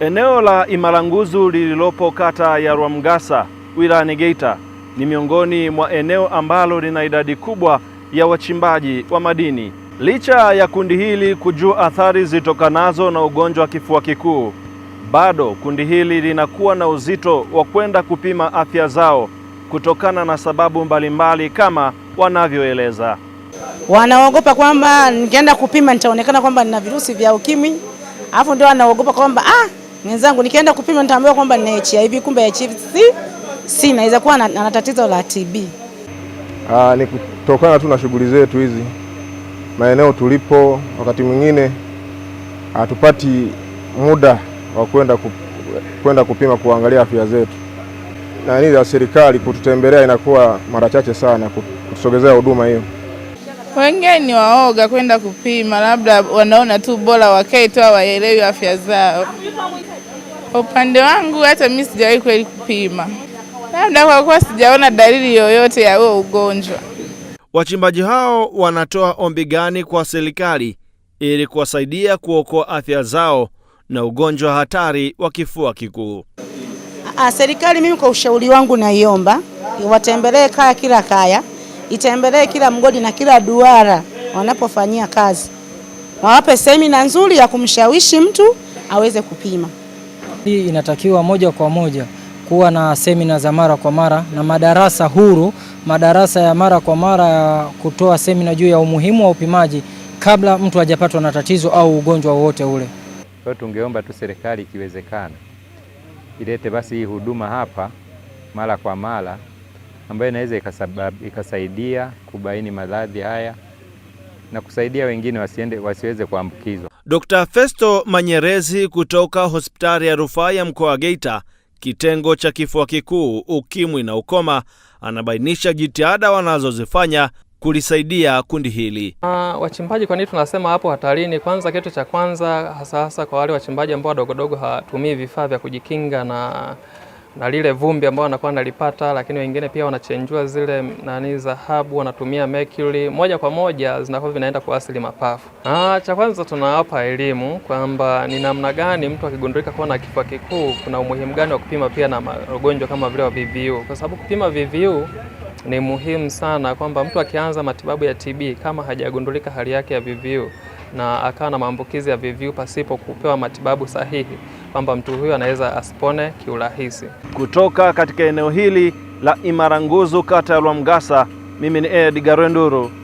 Eneo la Imaranguzu lililopo kata ya Rwamgasa wilayani Geita ni miongoni mwa eneo ambalo lina idadi kubwa ya wachimbaji wa madini. Licha ya kundi hili kujua athari zitokanazo na ugonjwa wa kifua kikuu, bado kundi hili linakuwa na uzito wa kwenda kupima afya zao kutokana na sababu mbalimbali mbali kama wanavyoeleza. Wanaogopa kwamba nikienda kupima nitaonekana kwamba nina virusi vya ukimwi, alafu ndio wanaogopa kwamba ah mwenzangu, nikienda kupima nitaambiwa kwamba nina HIV, kumbe HIV si naweza kuwa na tatizo la TB. Ah, ni kutokana tu na shughuli zetu hizi maeneo tulipo, wakati mwingine hatupati muda wa kwenda kwenda kupima kuangalia afya zetu, na nini ya serikali kututembelea inakuwa mara chache sana kutusogezea huduma hiyo. Wengine ni waoga kwenda kupima, labda wanaona tu bora wakae tu, hawaelewi afya zao. Upande wangu hata mimi sijawahi kweli kupima, labda kwa kuwa sijaona dalili yoyote ya huo ugonjwa. Wachimbaji hao wanatoa ombi gani kwa serikali ili kuwasaidia kuokoa afya zao na ugonjwa hatari wa kifua kikuu? Ah, serikali mimi kwa ushauri wangu naiomba watembelee kaya kila kaya itembelee kila mgodi na kila duara wanapofanyia kazi, wawape semina nzuri ya kumshawishi mtu aweze kupima. Hii inatakiwa moja kwa moja kuwa na semina za mara kwa mara na madarasa huru, madarasa ya mara kwa mara ya kutoa semina juu ya umuhimu wa upimaji kabla mtu hajapatwa na tatizo au ugonjwa wowote ule. Kwa hiyo tungeomba tu serikali ikiwezekana ilete basi hii huduma hapa mara kwa mara ambayo inaweza ikasaidia kubaini maradhi haya na kusaidia wengine wasiende, wasiweze kuambukizwa. Dr. Festo Manyerezi kutoka hospitali ya rufaa ya mkoa wa Geita kitengo cha kifua kikuu, ukimwi na ukoma, anabainisha jitihada wanazozifanya kulisaidia kundi hili. Uh, wachimbaji, kwa nini tunasema hapo hatarini? Kwanza, kitu cha kwanza hasa hasa kwa wale wachimbaji ambao wadogodogo hawatumii vifaa vya kujikinga na na lile vumbi ambao wanakuwa nalipata, lakini wengine pia wanachenjua zile nani dhahabu, wanatumia mercury moja kwa moja, zinakuwa vinaenda kuasili mapafu. Ah, cha kwanza tunawapa elimu kwamba ni namna gani mtu akigundulika kuwa na kifua kikuu, kuna umuhimu gani wa kupima pia na magonjwa kama vile wa VVU, kwa sababu kupima VVU ni muhimu sana, kwamba mtu akianza matibabu ya TB kama hajagundulika hali yake ya VVU na akawa na maambukizi ya VVU pasipo kupewa matibabu sahihi, kwamba mtu huyo anaweza asipone kiurahisi. Kutoka katika eneo hili la Imara Nguzu, kata ya Lwamgasa, mimi ni Edgar Nduru.